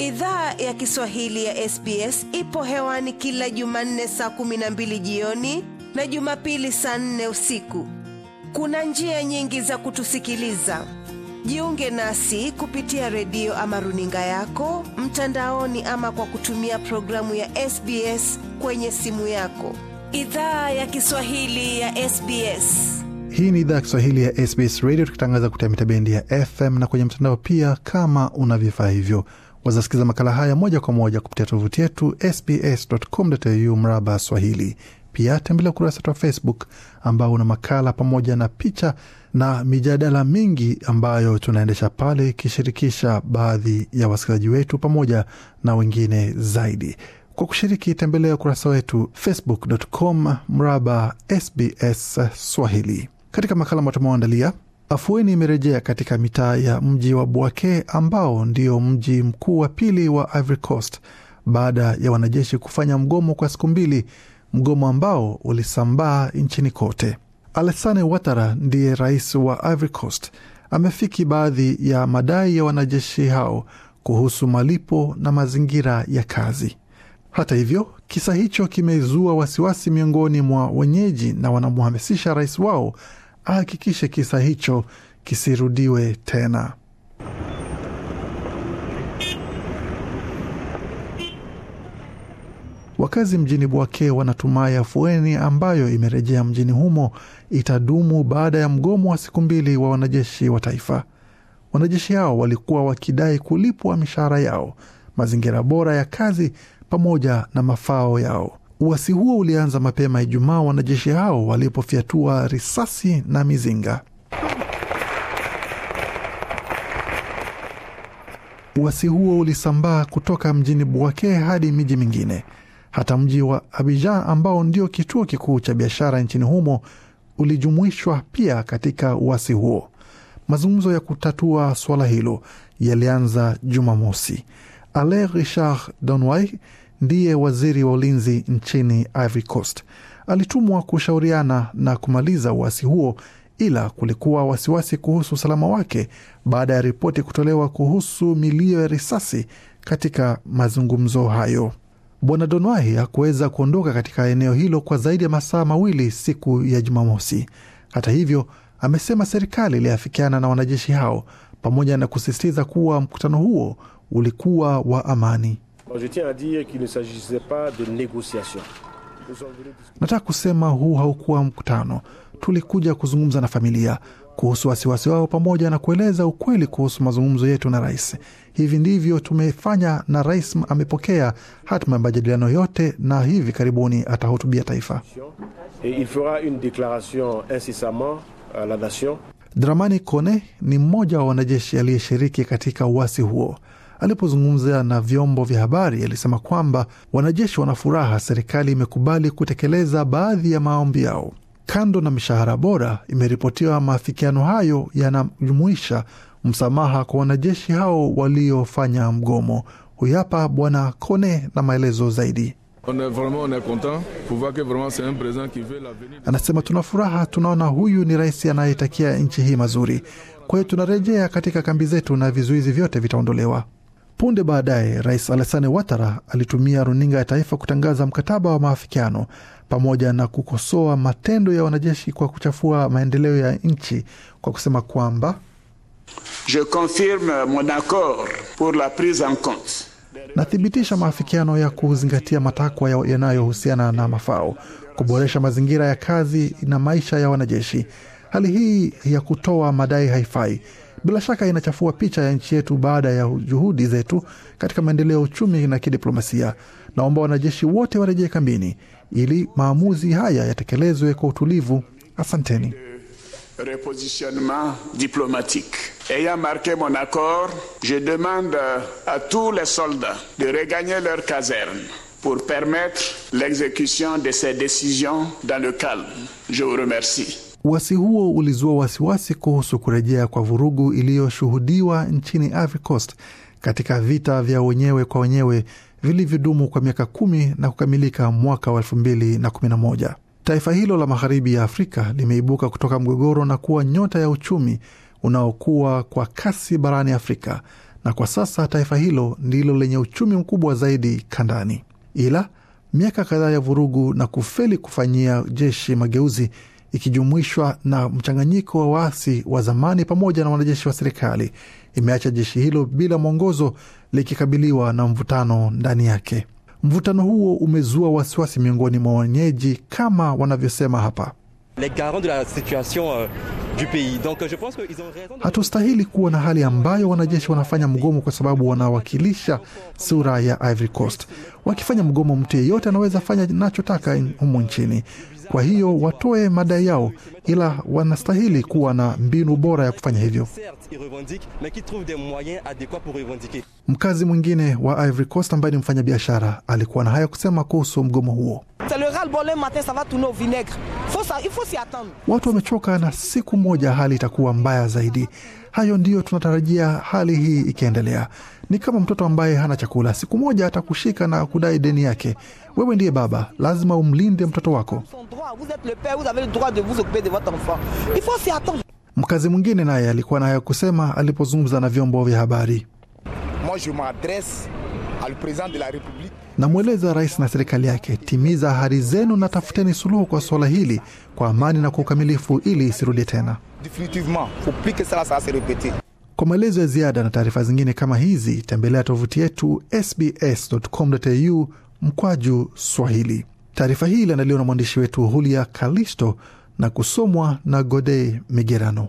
Idhaa ya Kiswahili ya SBS ipo hewani kila Jumanne saa kumi na mbili jioni na Jumapili saa nne usiku. Kuna njia nyingi za kutusikiliza. Jiunge nasi kupitia redio ama runinga yako mtandaoni, ama kwa kutumia programu ya SBS kwenye simu yako. Idhaa ya Kiswahili ya SBS. Hii ni idhaa ya Kiswahili ya SBS Radio, tukitangaza kupitia mita bendi ya FM na kwenye mtandao pia, kama una vifaa hivyo wazasikiza makala haya moja kwa moja kupitia tovuti yetu sbs.com.au mraba Swahili. Pia tembelea ukurasa wetu wa Facebook ambao una makala pamoja na picha na mijadala mingi ambayo tunaendesha pale, ikishirikisha baadhi ya wasikilizaji wetu pamoja na wengine zaidi. Kwa kushiriki, tembelea ukurasa wetu facebook.com mraba SBS Swahili. Katika makala ambayo tumeoandalia Afueni imerejea katika mitaa ya mji wa Bouake ambao ndio mji mkuu wa pili wa Ivory Coast baada ya wanajeshi kufanya mgomo kwa siku mbili, mgomo ambao ulisambaa nchini kote. Alassane Ouattara ndiye rais wa Ivory Coast, amefiki baadhi ya madai ya wanajeshi hao kuhusu malipo na mazingira ya kazi. Hata hivyo, kisa hicho kimezua wasiwasi miongoni mwa wenyeji na wanamhamasisha rais wao ahakikishe kisa hicho kisirudiwe tena. Wakazi mjini Bwake wanatumai afueni ambayo imerejea mjini humo itadumu baada ya mgomo wa siku mbili wa wanajeshi wa taifa. Wanajeshi hao walikuwa wakidai kulipwa mishahara yao, mazingira bora ya kazi pamoja na mafao yao. Uasi huo ulianza mapema Ijumaa wanajeshi hao walipofyatua risasi na mizinga. Uasi huo ulisambaa kutoka mjini Bouake hadi miji mingine. Hata mji wa Abidjan ambao ndio kituo kikuu cha biashara nchini humo ulijumuishwa pia katika uasi huo. Mazungumzo ya kutatua suala hilo yalianza Jumamosi. Ale Richard Donway ndiye waziri wa ulinzi nchini Ivory Coast. Alitumwa kushauriana na kumaliza uasi huo, ila kulikuwa wasiwasi kuhusu usalama wake baada ya ripoti kutolewa kuhusu milio ya risasi katika mazungumzo hayo. Bwana Donwahi hakuweza kuondoka katika eneo hilo kwa zaidi ya masaa mawili siku ya Jumamosi. Hata hivyo, amesema serikali iliafikiana na wanajeshi hao pamoja na kusisitiza kuwa mkutano huo ulikuwa wa amani. Je tiens à dire qu'il ne s'agissait pas de négociation. Nataka kusema huu haukuwa mkutano. Tulikuja kuzungumza na familia kuhusu wasiwasi wao pamoja na kueleza ukweli kuhusu mazungumzo yetu na rais. Hivi ndivyo tumefanya, na rais amepokea hatima ya majadiliano yote, na hivi karibuni atahutubia taifa. il fera une déclaration incessamment à la nation. Dramani Kone ni mmoja wa wanajeshi aliyeshiriki katika uasi huo. Alipozungumza na vyombo vya habari, alisema kwamba wanajeshi wana furaha serikali imekubali kutekeleza baadhi ya maombi yao. Kando na mishahara bora, imeripotiwa maafikiano hayo yanajumuisha msamaha kwa wanajeshi hao waliofanya mgomo. Huyu hapa Bwana Kone na maelezo zaidi. Anasema tuna furaha, tunaona huyu ni rais anayetakia nchi hii mazuri. Kwa hiyo tunarejea katika kambi zetu na vizuizi vyote vitaondolewa. Punde baadaye Rais Alassane Ouattara alitumia runinga ya taifa kutangaza mkataba wa maafikiano pamoja na kukosoa matendo ya wanajeshi kwa kuchafua maendeleo ya nchi kwa kusema kwamba Je confirme mon accord pour la prise en compte nathibitisha maafikiano ya kuzingatia matakwa yanayohusiana na mafao, kuboresha mazingira ya kazi na maisha ya wanajeshi. Hali hii ya kutoa madai haifai bila shaka inachafua picha ya nchi yetu baada ya juhudi zetu katika maendeleo ya uchumi na kidiplomasia. Naomba wanajeshi wote warejee kambini ili maamuzi haya yatekelezwe kwa utulivu. Asanteni. repositionnement diplomatique. Ayant marqué mon accord, je demande à tous les soldats de regagner leur caserne pour permettre l'exécution de ces décisions dans le calme. Je vous remercie. Uasi huo ulizua wasiwasi kuhusu kurejea kwa vurugu iliyoshuhudiwa nchini Ivory Coast katika vita vya wenyewe kwa wenyewe vilivyodumu kwa miaka kumi na kukamilika mwaka wa elfu mbili na kumi na moja. Taifa hilo la magharibi ya Afrika limeibuka kutoka mgogoro na kuwa nyota ya uchumi unaokuwa kwa kasi barani Afrika, na kwa sasa taifa hilo ndilo lenye uchumi mkubwa zaidi kandani. Ila miaka kadhaa ya vurugu na kufeli kufanyia jeshi mageuzi ikijumuishwa na mchanganyiko wa waasi wa zamani pamoja na wanajeshi wa serikali, imeacha jeshi hilo bila mwongozo likikabiliwa na mvutano ndani yake. Mvutano huo umezua wasiwasi miongoni mwa wenyeji, kama wanavyosema hapa les garants de la situation euh, du pays. Donc je pense qu'ils ont raison. Hatustahili kuwa na hali ambayo wanajeshi wanafanya mgomo kwa sababu wanawakilisha sura ya Ivory Coast. Wakifanya mgomo, mtu yeyote anaweza fanya nachotaka humu nchini. Kwa hiyo watoe madai yao, ila wanastahili kuwa na mbinu bora ya kufanya hivyo. Mkazi mwingine wa Ivory Coast ambaye ni mfanyabiashara alikuwa na haya kusema kuhusu mgomo huo. Watu wamechoka na siku moja hali itakuwa mbaya zaidi. Hayo ndiyo tunatarajia hali hii ikiendelea. Ni kama mtoto ambaye hana chakula, siku moja atakushika na kudai deni yake. Wewe ndiye baba, lazima umlinde mtoto wako. Mkazi mwingine naye alikuwa na haya kusema alipozungumza na vyombo vya habari. Namweleza rais na serikali yake, timiza ahadi zenu na tafuteni suluhu kwa suala hili kwa amani na kwa ukamilifu, ili isirudie tena. Kwa maelezo ya ziada na taarifa zingine kama hizi, tembelea tovuti yetu sbs.com.au mkwaju Swahili. Taarifa hii iliandaliwa na mwandishi wetu Hulia Kalisto na kusomwa na Gode Migerano.